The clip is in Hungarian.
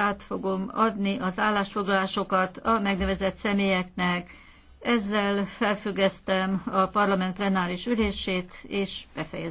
át fogom adni az állásfoglalásokat a megnevezett személyeknek. Ezzel felfüggesztem a parlament plenáris ülését, és befejezem.